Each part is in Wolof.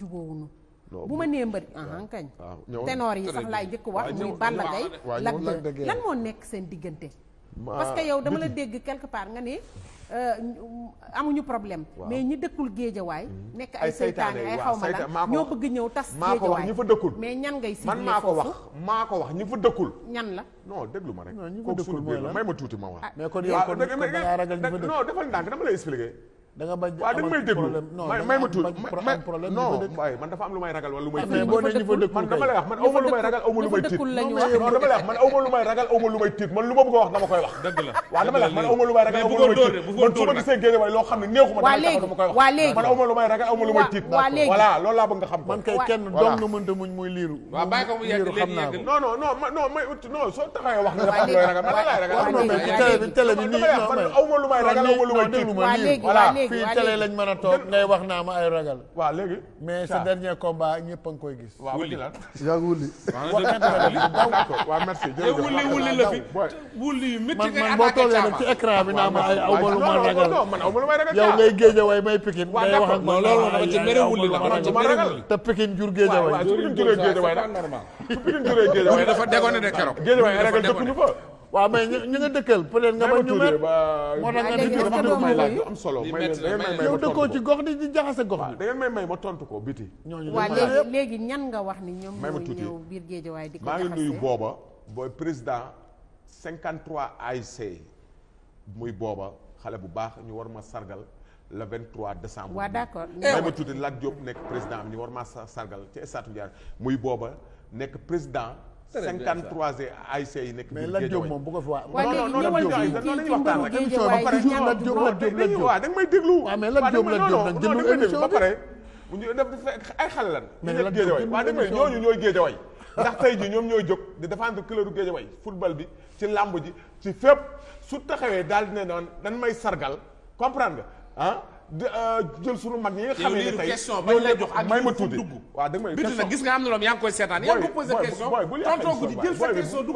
jubóowuñu bu ma nee mbëri ahan kañ ténor yi sax laay njëkk wax muy Balla Gaye Lac de Guiers lan moo nekk seen diggante parce que yow dama la dégg quelque part nga ne euh, amuñu problème mais ñi dëkkul géejawaay mm-hmm. nekk ay seytaane ay xaw ma ñoo bëgg ñëw tas maa ko wax ñi fa dëkkul mais ñan ngay man maa ko wax maa ko wax ñi fa dëkkul ñan la non déglu ma rek kooku suñu may ma tuuti ma wax ah. mais kon yow kon dangaa ragal ñu fa dëkkul non defal ndànk dama lay expliquer da nga bañ da nga may man dafa am lu may ragal wala lu may tiit boo nee ñu fa dëkkul man dama lay wax man aw ma lu may ragal aw a koy wax dëgg la waaw dama man aw ma lu ragal aw ma lu may tiit man man aw ma lu ragal aw ma lu may tiit voilà loolu laa man kay kenn doom nga mënta muñ muy liiru mu yegg léegi yegg non ragal man lay ragal aw ma lu may léegi fii télé lañ mën a toog ngay wax naa ma ay ragal. waaw léegi. mais sa dernier combat a ngi koy gis. la yaa ngi wuli. la fi man boo toogee nag ci écran bi naa ma ay aw ma lu ma ragal. yow ngay géej way may pikin. ngay wax ma man loolu dama ci mere wuli la dama ci mere wuli. te pikin jur géej way. waaw waaw su pikin juree géej way way dafa dégonné de keroog. géej way ragal dëkk ñu fa. waaw mais ñu nga dëkkal peut-être nga ba ñu met moo tax nga dëkkal dama doon may laaj am solo may may yow dëkkoo ci gox di di jaxase gox bi da ngeen may may ma tontu ko biti ñooñu léegi ñan nga wax ni ñoom ñooy ñëw biir Géejawaay di ko jaxase maa ngi nuyu booba booy président 53 AIC muy booba xale bu baax ñu war ma sargal le 23 décembre. waaw d'accord may ma tuuti Lat Diop nekk président am ñu war ma sargal ci stade Ndiaye muy booba nekk président 53 ASC yi nekk. mais Lat Diop moom bu ko fi waa. non non non dañuy waxtaan rek émission bi toujours ba pare. ay xale ah, lan. mais Lat Diop Géejawaay waaw dégg ñooñu ñooy Géejawaay. ndax tey ji ñoom ñooy jóg di défendre couleur u Géejawaay football bi ci làmb ji ci fépp su taxawee daal dina naan dañ may sargal comprendre nga ah Euh, jël sunu mag ñi nga xam ne tey question bañ la jox ak may gis nga am na loom yaa ngi koy seetaan yaa ko posé question sa question bi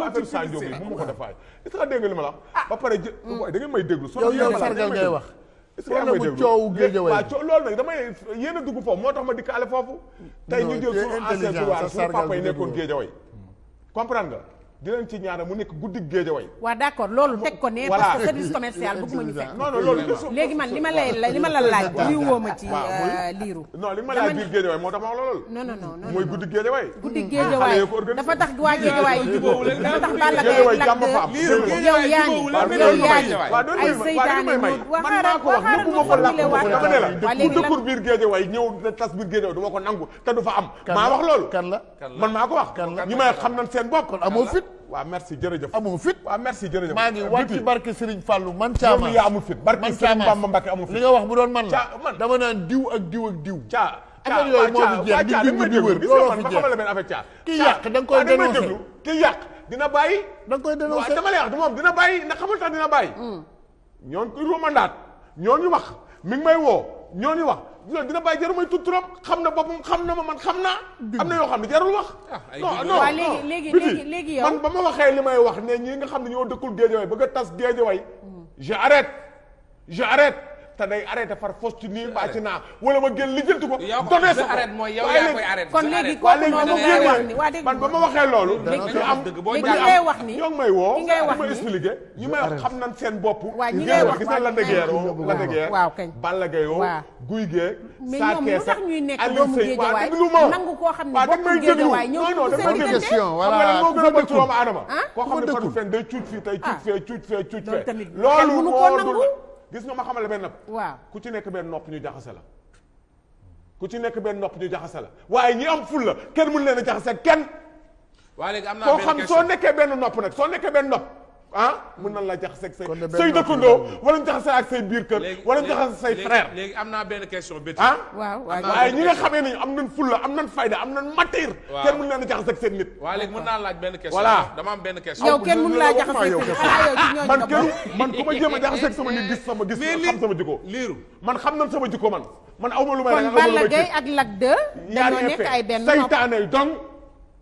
bu ma ko defaay est-ce que dégg nga li ah. ba pare da ngeen may déglu so yow yow sargal ngay wax est-ce que mu coow géej waaw coow loolu nag damay yéen a dugg foofu moo tax ma dikkaale foofu tey ñu jël sunu ancien pouvoir sunu papa yi nekkoon géej way comprendre nga di leen ci ñaanal mu nekk guddi géejawaay. waaw d' accord loolu teg ko ne. parce que service commercial bëgguma ñu fekk. non loolu léegi man li ma la laaj. waaw riwoo ma ci euh, liiru. non li ma laaj biir géejawaay moo tax ma wax loolu. non non non mooy guddi géejawaay. guddi ah, géejawaay dafa tax ñëw tas biir géejawaay du ma ko nangu te du fa am maa wax loolu man maa ko wax ñi may xam nañ seen bopp amoo fit waaw merci jërëjëf amoo fit waaw merci jërëjëf maa ngi wàcc barke Serigne Fallou man Thiamas loolu yaa ma fit barke Serigne Bamba Mbacke amul fit li nga wax bu doon man la dama naan diw ak diw ak diw caa affaire yooyu jeex di dindi di wër looloo fi jeex ma xamal la benn affaire caa kii yàq da nga koy dénoncé kii yàq dina bàyyi da nga koy dénoncé dama lay wax moom dina bàyyi ndax xamul tax dina bàyyi hmm. ñoon kuy romandaat ñoon yu wax mi ngi may woo ñoon yu wax loolu dina bàyyi jarul may tudd trop xam na boppam xam na ma man xam naa. am na yoo xam ne jarul wax. non non waaw léegi léegi léegi yow ba ma waxee li may wax ne ñi nga xam ne ñoo dëkkul géejawaay bëgg a tas géejawaay. Mm. je arrête je arrête. te day arrêté par force nii mbaa ci naa wala ma génn lijjanti ko. donee sa arrêté mooy yow yaa koy arrêté. kon léegi kooku noonu léegi ba ma waxee loolu. léegi am lu ma koo xam ne fan fen day cuut ah. gis nga ma xamal la benn nopp. waa ku ci nekk benn nopp ñu jaxase la. ku ci nekk benn nopp ñu jaxase la waaye ñi am ful la kenn mënu leen a jaxase kenn. waa léegi am naa benn question soo xam soo nekkee benn nopp nag soo nekkee benn nopp. ah mën nan laa jaxase ak say say dëkkandoo wala ñu jaxase ak say biir kër wala ñu jaxase am naa benn question béti ah waaw waaye ñi nga xamee nañu am nañ fulla am nañ fayda am nañ matière kenn mën leen a jaxase ak seen nit waaw léegi laaj benn question voilà dama am benn question yow kenn mën laa jaxase yow man kenn man ku ma jéem a jaxase ak sama nit gis sama gis xam sama jikko liiru man xam nañ sama jikko man man awma lu may ragal kon Balla Gaye ak Lac 2 dañoo nekk ay benn saytaane dong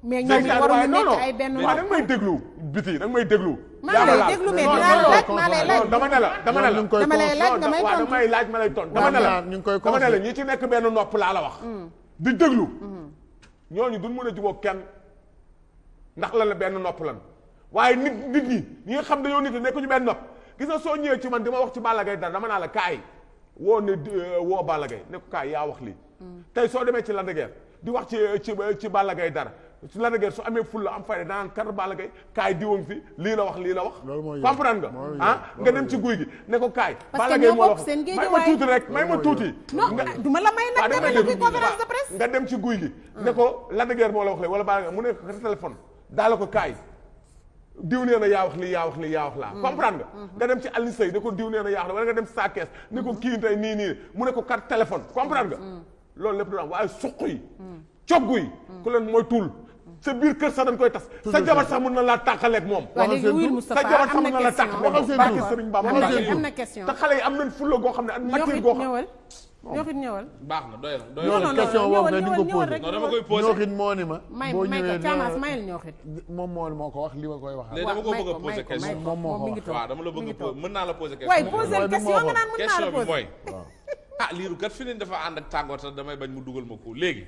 mais ñoom waruñu nekk ay benn non danga may déglu biti danga may déglu maa lay déglu mais dinaa la laaj maa lay laaj dama ne la dama ne la dama lay laaj nga may tontu damay laaj ma lay tontu dama ne la ñu ngi koy dama ne la ñi ci nekk benn nopp laa la wax mm. di déglu mm-hmm. ñooñu duñ mën a jubóo kenn ndax lan la benn nopp lan waaye nit nit ñi ñi nga xam dañoo nit ñi nekkuñu benn nopp gis nga soo ñëwee ci man dama wax ci Balla Gaye dara dama naa la kaay woo ne euh, woo Balla Gaye ne ko kaay yaa wax lii mm. tey soo demee ci Lac de Guiers di wax ci ci ci Balla Gaye dara su la dëgër su amee fulla am fayda danaan kar Balla Gaye kaay diwoon fi lii la wax lii la wax comprendre nga ah nga dem ci guy gi ne ko kaay Balla Gaye moo la wax may ma tuuti rek may ma tuuti duma la may nag nga dem ci guy ne ko la dëgër moo la wax la wala Balla Gaye mu ne ko sa téléphone daa la ko kaay diw nee na yaa wax lii yaa wax lii yaa wax laa mm. comprendre nga mm-hmm. nga dem ci Alioune Seye ne ko diw nee na yaa wax la wala nga dem ci sa kees ne ko kii nii nii mu ne ko carte téléphone comprendre nga mm. loolu lépp du am waaye suq yi mm. coggu yi ku leen mooy tuul sa biir kër sax dañ koy tas sa jabar sax mën na laa tàqaleeg moom sa jabar sax mën na laa tàq barke Sëriñ Bamba am na question te xale yi am nañ fulla goo xam ne ak matir goo xam ñooxit ñëwal baax na doy na doy na question boobu nga di nga posé non dama koy posé ñooxit moo ni ma boo ñëwee Thiamas mayel ñooxit moom moo moo ko wax li ma koy wax léegi dama ko bëgg a posé question moom moo ko wax waaw dama la bëgg a posé mën naa la posé question waaye posé question nga naan mën naa la posé ah liiru kat fi ne dafa ànd ak tàngoor sax damay bañ mu dugal ma ko léegi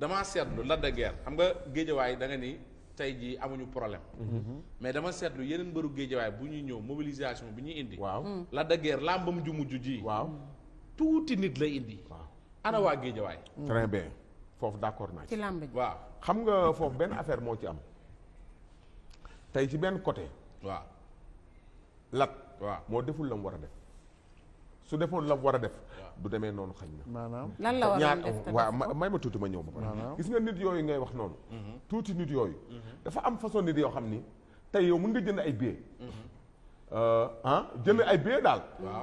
damaa seetlu Lac de xam nga géejawaay da nga ni tey jii amuñu problème. Mhm. mais dama seetlu yeneen mbëru géejawaay bu ñuy ñëw mobilisation bi ñuy indi. waaw hmm. Lac de Guiers làmbam ju mujj ji. waaw tuuti nit lay indi. waaw ana waa géejawaay. Hmm. très bien foofu d'accord naa ci. ci làmb ji waaw xam nga foofu benn affaire moo ci am tey ci benn côté. waaw Lac. waaw moo deful la mu war a def. su defoon la war a def du demee noonu xañ na. maanaam lan la war a def waaw may ma tuuti ma ñëw ma. gis nga nit yooyu ngay wax noonu. Mm-hmm. tuuti nit yooyu. Mm-hmm. dafa am façon nit yoo xam ni tey yow mën nga jënd ay billets. Mm-hmm. Uh, ah jënd ay billets daal.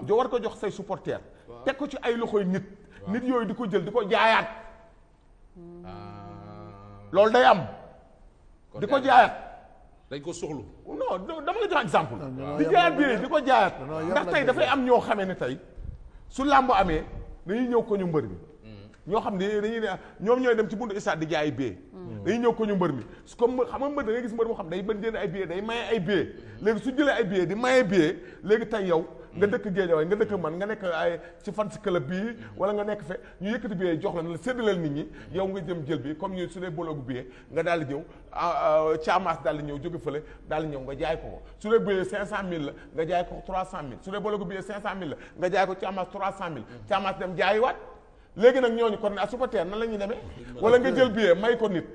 jo war ko jox say supporters. teg ko ci ay loxoy nit. nit yooyu di ko jël di ko jaayaat. Mm. Ah. loolu day am. di ko jaayaat. dañ ko soxlu. non dama la jox exemple. di jaayaat billet di ko jaayaat. ndax tey dafay am ñoo xamee ne tey. su làmb amee dañuy ñëw ko ñu mbër mi ñoo xam ne dañuy ne ñoom ñooy dem ci buntu stade di jaay ay billets dañuy ñëw ko ñu mbër mi su comme xam nga mbër da ngay gis mbër moo xam day bën jënd ay billets day maye ay billets léegi su jëlee ay billets di maye billets léegi tey yow nga dëkk Guédiawaye nga dëkk man nga nekk ay ci fans club bii wala nga nekk fe ñu yëkkati billet jox la na la séddaleel nit ñi yow nga jëm jël bi comme ñu su dee boloogu billet nga daal di ñëw caamaas ah, ah, daal di ñëw jóge fële daal di ñëw nga jaay ko ko su dee billet cinq cent mille nga jaay ko trois cent mille su dee boloogu billet cinq cent mille la nga jaay ko caamaas trois cent mille caamaas dem jaay waat léegi nag ñooñu kon a ah, supporter nan la ñuy demee wala nga jël billet may ko nit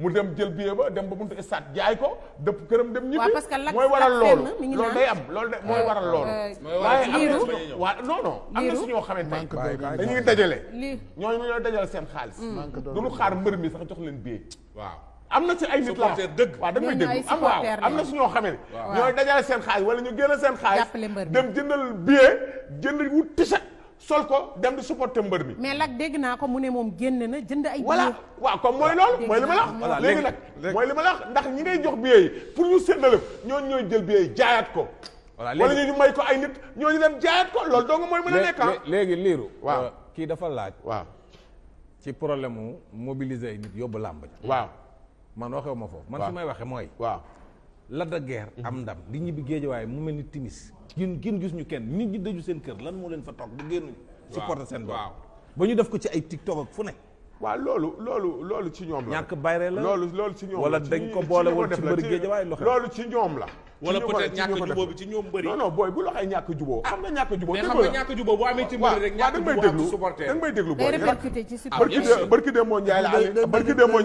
mu dem jël billet ba dem ba buntu stade jaay ko dëpp këram dem ñibbi. parce que mooy waral loolu lool day am loolu de euh, euh, mooy waral loolu. waaye am na suñu waaw non am na suñoo xamante ne dañuy dajale. lii ñooñu ñooy dajale seen xaalis. Mm. du ñu xaar mbër mi sax jox leen billet. waaw am na ci ay nit la dëgg waaw dañuy dëgg am waaw am na suñoo xamee ne. ñooy dajale seen xaalis wala ñu génne seen xaalis. dem jëndal billet jënd wut t-shirt sol ko dem di supporter mbër mi. mais nag dégg naa ko mu ne moom génn na jënd ay. voilà waa comme mooy loolu. mooy li ma la léegi nag mooy li ma la ndax ñi ngay jox billet yi pour ñu séddale ñoo ñooy jël billet yi jaayaat ko. voilà léegi wala ñu nit ñooñu dem jaayaat ko loolu dong mooy mën a nekk ah. léegi liiru. waa euh, kii dafa laaj. waa ci problème mu mobiliser ay nit yóbbu làmb. waaw man waxew ma foofu. man su may waxee mooy. waaw Lac de mhm. am ndam di ñibbi waaye mu mel ni timis gin gin gis ñu kenn nit ñi daju seen kër lan moo leen fa toog bu génn supporter seen bopp ba ñu def ko ko boole woon ci mbëri géejawaay loxo loolu ci ñoom la wala peut-être ñàkk juboo bi ci ñoom bëri non non booy bu loxee ñàkk juboo xam nga ñàkk juboo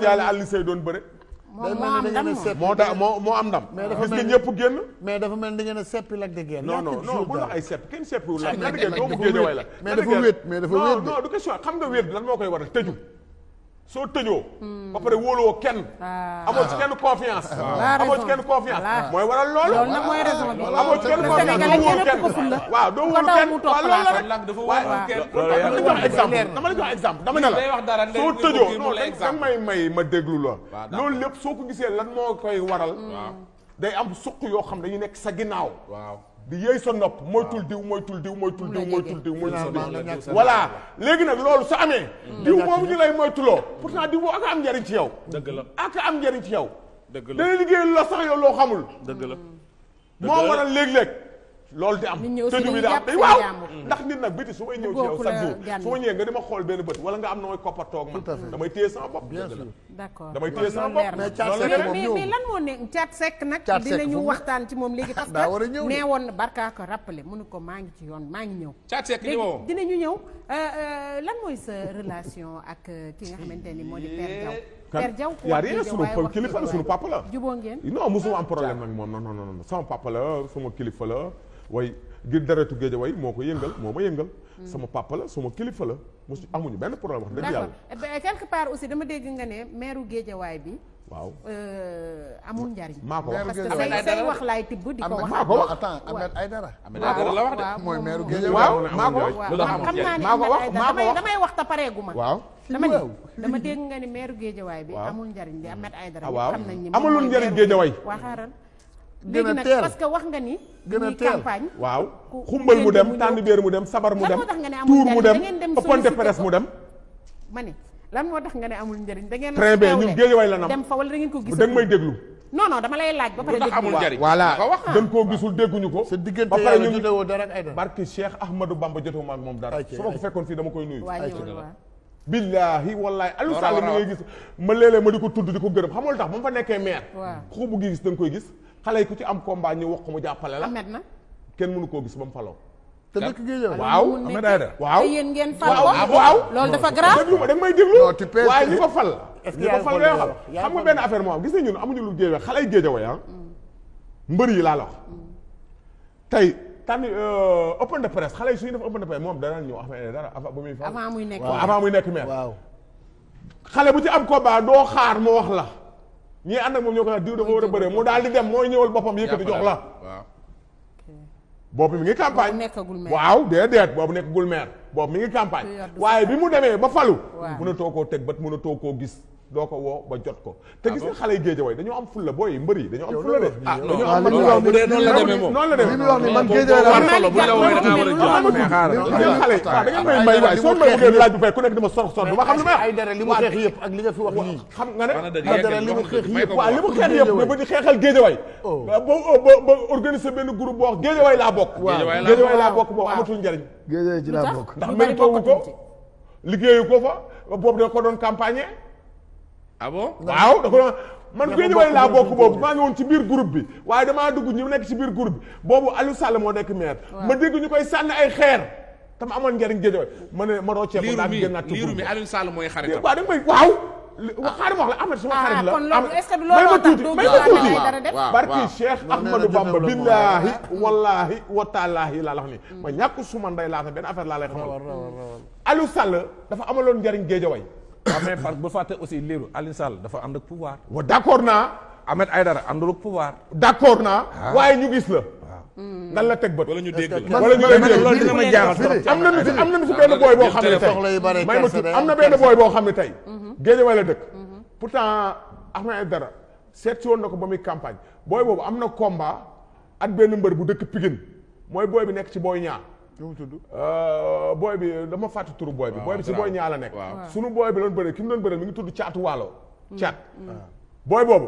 mais bëre moom moo am ndam moo daa moo am ndam. mais dafa mel ni ñëpp génn. mais dafa mel ni da ngeen a seppi Lac de Guiers. non non non bu la ay sepp kenn seppiwul la. Lac de Guiers wéet mais dafa wéet non non du question xam nga wéet lan moo koy waral tëju. soo tëjoo. ba pare wóoloo kenn. Ah. amoo ci kenn confiance. Ah. amoo ci kenn confiance. mooy waral loolu. loolu nag mooy raison bi. amoo ci kenn confiance doo wóolu kenn waaw doo wóolu kenn waaw loolu la rek. waaw dama la jox exemple dama la jox exemple dama ne la soo tëjoo non da may may ma déglu la. loolu lépp soo ko gisee lan moo koy waral. day am suq yoo xam dañuy nekk sa ginnaaw. di yëy sa nopp moytul diw tul diw moytul diw moytul diw moytul diw voilà léegi nag loolu sa amee mm. diw boobu ñu lay moytuloo pourtant diw boobu aka am njariñ ci yow dëgg la aka am njariñ ci yow dëgg la dana liggéey la sax yow loo xamul dëgg la moo waral léeg-léeg loolu di am tëju bi di am waaw ndax nit nag biti su may ñëw ci yow chaque jour su ma ñëwee nga di ma xool benn bët wala nga am na mooy koppatoog man damay téye sama bopp bien sûr d'accord damay téye sama bopp mais Thiat Seck moom mais lan moo ne Thiat Seck nag dinañu waxtaan ci moom ko maa ngi ci yoon maa ngi ñëw Thiat Seck ñëw dinañu ñëw euh, euh, lan sa relation ak euh, ki nga ni moo di Père Diaw Père Diaw yaa rien sunu kilifa la sunu papa la juboo ngeen non mosuma am problème nag moom non non way ngir deretu Géejawaay moo ko yëngal moo ma yëngal. sama papa la sama kilifa la mosu amuñu benn problème wax dëgg yàlla. d'accord eh quelque part aussi dama dégg nga ne meeru Géejawaay bi. waaw euh, amul njariñ. maa ko wax parce que say say wax laay tibb di ko wax. maa ko wax attends Ahmed Aïdara. Ahmed Aïdara la wax de mooy meeru Géejawaay. waaw maa ko wax xam naa ne Ahmed Aïdara damay wax ta pareegu ma. waaw dama ne dama dégg nga ne meeru Géejawaay bi. amul njariñ ah, bi Ahmed Aïdara. waaw amulul njariñ Géejawaay. waaw xaaral. gën a teel parce que wax nga ni. gën teel waaw xumbal mu dem tànn béer mu dem sabar mu dem. tuur mu dem ëppante presse ma ne lan moo tax nga ne amul njëriñ da ngeen. très bien ñun la nam dem ko gis. da nga may déglu. gisul dégguñu ko. sa diggante yàlla barki Cheikh Ahmadou Bamba jotewuma moom dara. su ma ko fekkoon fii dama koy nuyu. billahi wallahi Aliou Sall mi ngay gis ma léeg ma di ko tudd di ko gërëm xamul tax ba mu fa nekkee maire. waaw xubu gi gis da koy gis xale yi ku ci am combat ñu wax ko mu jàppale la. amet na kenn mënu koo gis ba mu faloo. te dëkk Géejawaay waaw amet ay dara waaw te yéen ngeen fal ko ah, waaw loolu dafa grave déglu ma da nga may déglu waaye ñi ko fal ñi xam nga benn affaire moo am gis nañu ñun amuñu lu Géejawaay xale yi Géejawaay ah mm. mbër yi laa la wax tey tànn euh, open de presse xale yi suñu def open de presse moom danaan ñëw amet dara avant ba muy fal avant muy nekk maire xale bu ci am combat doo xaar mu wax la ñii ànd ak moom ñoo ko naan diw dafa war a bëre mu daal di dem mooy ñëwal boppam yëkkati jox la waaw boobu mi ngi campagne waaw déedéet boobu nekkagul maire boobu mi ngi campagne waaye bi mu demee ba falu mën a too koo teg bët mën a too koo gis doo ko woo ba jot ko te gis nga xale yi géejawaay dañoo am fulla booy mbër yi dañoo am fulla de ah non bu dee noonu la demee moom noonu la demee li mu wax ni man géejawaay la solo bu la wooyee da ngaa war a jël xale yi waaw da ngeen may may waay soo may bëggee laaj bu fay ku nekk di ma sor sor du ma xam lu may ay dara li mu xeex yëpp ak li nga fi wax nii xam nga ne ay dara li mu xeex yëpp waaw li mu xeex yëpp nga ba di xeexal géejawaay ba ba organiser benn groupe boo wax géejawaay laa bokk géejawaay laa bokk boobu amatul njariñ géejawaay ci laa bokk ndax méritowu ko liggéeyu ko fa boobu da ko doon campagne ah bon waaw dafa man Guédiawaye laa bokk boobu maa ngi woon ci biir groupe bi waaye damaa dugg ñu nekk si biir groupe bi boobu Aliou Sall moo nekk maire. ma dégg ñu koy sànni ay xeer. te amoon njariñ Guédiawaye ma ne ma roccee ko daal génnaat ci liiru mi Aliou mooy xaritam waaw da nga la Ahmed sama ah, xarit la ah kon loolu est ma tuuti may ma tuuti barki Cheikh Ahmadou Bamba billaahi wallaahi laa la ma ndey laata benn affaire laa lay xamal Aliou Sall dafa amaloon njëriñ Guédiawaye mais parce que bu fàtte aussi liiru Alioune Sall dafa ànd ak pouvoir. wa d' accord naa. Ahmed Aïdara àndul ak pouvoir. d' naa. Ah. waaye ñu gis la. Hmm. nan la teg bët. la ñu dégg loolu dina ma jaaxal am na nu am na nu si benn booy boo xam ne tey may ma na benn booy boo xam ne tey. Mm-hmm. Guédiawaye la dëkk. Mm-hmm. pourtant Ahmed Aïdara seet si woon na ko ba muy campagne booy boobu am na komba ak benn mbër bu dëkk Pikine mooy booy bi nekk ci booy ñaar. nu tudd. Euh, booy bi dama fàtte turu booy bi. booy bi si booy ñaa la nekk. sunu booy bi doon bëree ki mu doon bëree mi ngi tudd caatu waalo. Mm. caat mm. Ah. booy boobu.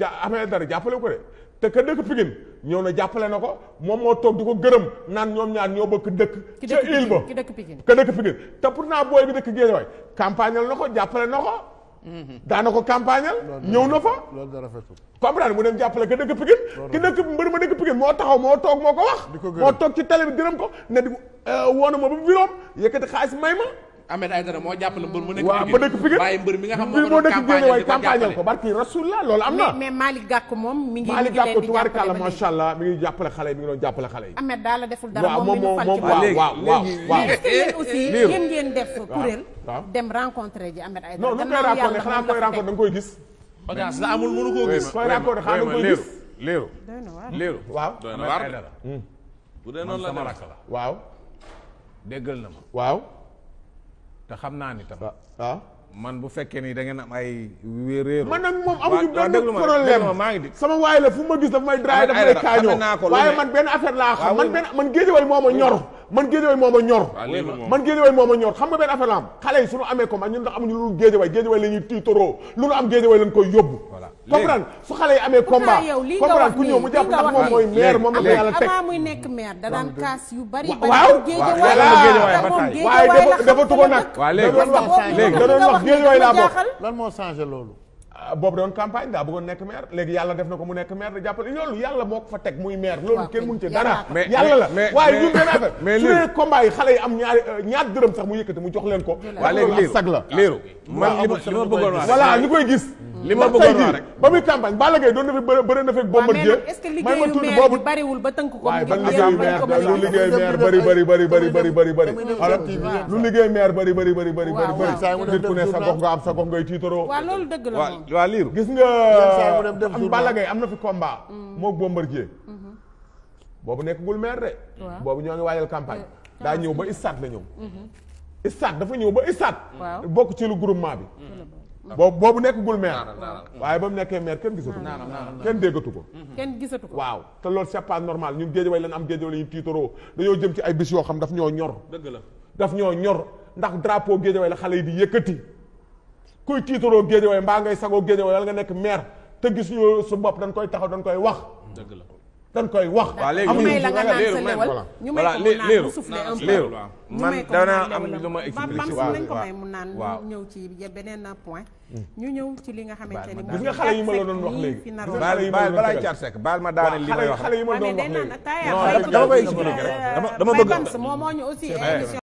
ja amee dara jàppale ko de te ka dëkk Pikine ñëw na jàppale na ko moom moo toog di ko gërëm naan ñoom ñaar ñoo bëgg dëkk. ca île ba ki dëkk Pikine ka dëkk Pikine te pourtant booy bi dëkk Guédiawaye campagne na ko jàppale na ko. daana ko campagnal ñëw na fa loolu dara fetul comprendre mu dem jàppale ka dëkk Pikine ki dëkk mbër ma dëkk Pikine moo taxaw moo toog moo ko wax moo toog ci télé bi gërëm ko ne di euh, woona ma ba biroom yëkkati xaalis may ma Ahmed Aïdara moo jàppale mbër mu nekk. waaw ba dëkk Pikine waaye mbër mi nga xam moo ko doon campagne waaye campagne ko barki rasulullah loolu am na. mais mais Malick Gakou moom mi ngi mi ngi leen di jàppale Malick Gakou tubaarkàlla macha allah mi ngi jàppale xale yi mi ngi doon jàppale xale yi. Ahmed daal la deful dara moom mi ngi fal ci waaw waaw waaw waaw est-ce que yéen aussi ngeen ngeen def kuréel. dem rencontré ji Ahmed Aïdara. non lu koy rencontré xanaa koy rencontré da nga koy gis. audience la amul mënu koo gis. koy rencontré xanaa da nga koy gis. léeru léeru waaw hmm. bu dee noonu la waaw déggal na ma waaw te xam naa ni tam. waaw ah? man bu fekkee ni da ngeen am ay. réeróo man nag moom amuñu benn problème maa ngi di sama waay la fu ma gis daf may draay daf may kaañoo waaye man benn affaire laa xam man benn man géejewal moo ma ñor. man géejeway moo ma ñor man moo ma ñor xam nga benn am xale yi suñu amee ko man ñun ndax amuñu lu géejeway géejeway la ñuy tiitoroo lu nu am géejeway lañ koy yóbbu comprendre su xale yi amee combat comprendre ku ñëw mu jàpp ndax moom mooy maire moom la ko yàlla teg avant kaas yu bari waaw waaye dafa tuko nag da wax léegi da doon wax géejawaay moo changé loolu ah, boobu doon campagne daa bëggoon nekk maire léegi yàlla def na ko mu nekk maire da jàppale loolu yàlla moo ko fa teg muy maire loolu kenn mun ci dara yàlla la waaye ñun benn affaire su dee combat yi xale yi am ñaari ñaar dërëm sax mu yëkkati mu jox leen ko waa léegi sag la léeru man ah, li ah, ma bëggoon voilà ñu koy gis li ma bëggoon wax rek ba muy campagne Balla Gaye doon na fi bëre bëre na fekk Bombardier may ma tudd boobu bariwul ba tënk ko waaye ban liggéeyu maire lu liggéey maire bari bari bari bari bari bari bari xoolal lu liggéey maire bari bari bari bari bari bari saa mu nit ku ne sa gox nga am sa gox ngay tiitaroo waaw loolu dëgg la waaw liir gis nga am Balla Gaye am na fi combat mm. moo Bombardier mm-hmm. boobu nekkagul maire de boobu ñoo ngi waajal campagne mm. daa ñëw ba Issat la ñëw mm-hmm. Issat dafa ñëw ba Issat bokk ci lu groupement bi mm. boobu nekk nekkagul maire waaye ba mu nekkee maire kenn gisatu ko kenn déggatu ko kenn gisatu ko waaw te loolu c'est pas normal ñun géej way lan am géej way la ñu tiitaroo dañoo jëm ci ay bis yoo xam daf ñoo ñor dëgg la daf ñoo ñor ndax drapeau géej way la xale yi di yëkkati kuy tiitaroo géej way mbaa ngay sagoo géej way la nga nekk maire te gisuñu su bopp dañ koy taxaw dañ koy wax dëgg la dañ koy wax. amuñu may la nga naan sa lewal ñu may ko mu naan mu soufflé un peu man danaa am lu ma expliqué waaw waaw ko may mu naan ñu ñëw ci beneen point. Hmm. ñu ñëw ci li nga xamante ni gis nga xale yi ma la doon wax léegi. baal baal balaa caat sekk baal ma daane li may wax. xale yi ma doon wax léegi dama koy expliqué rek dama dama bëgg.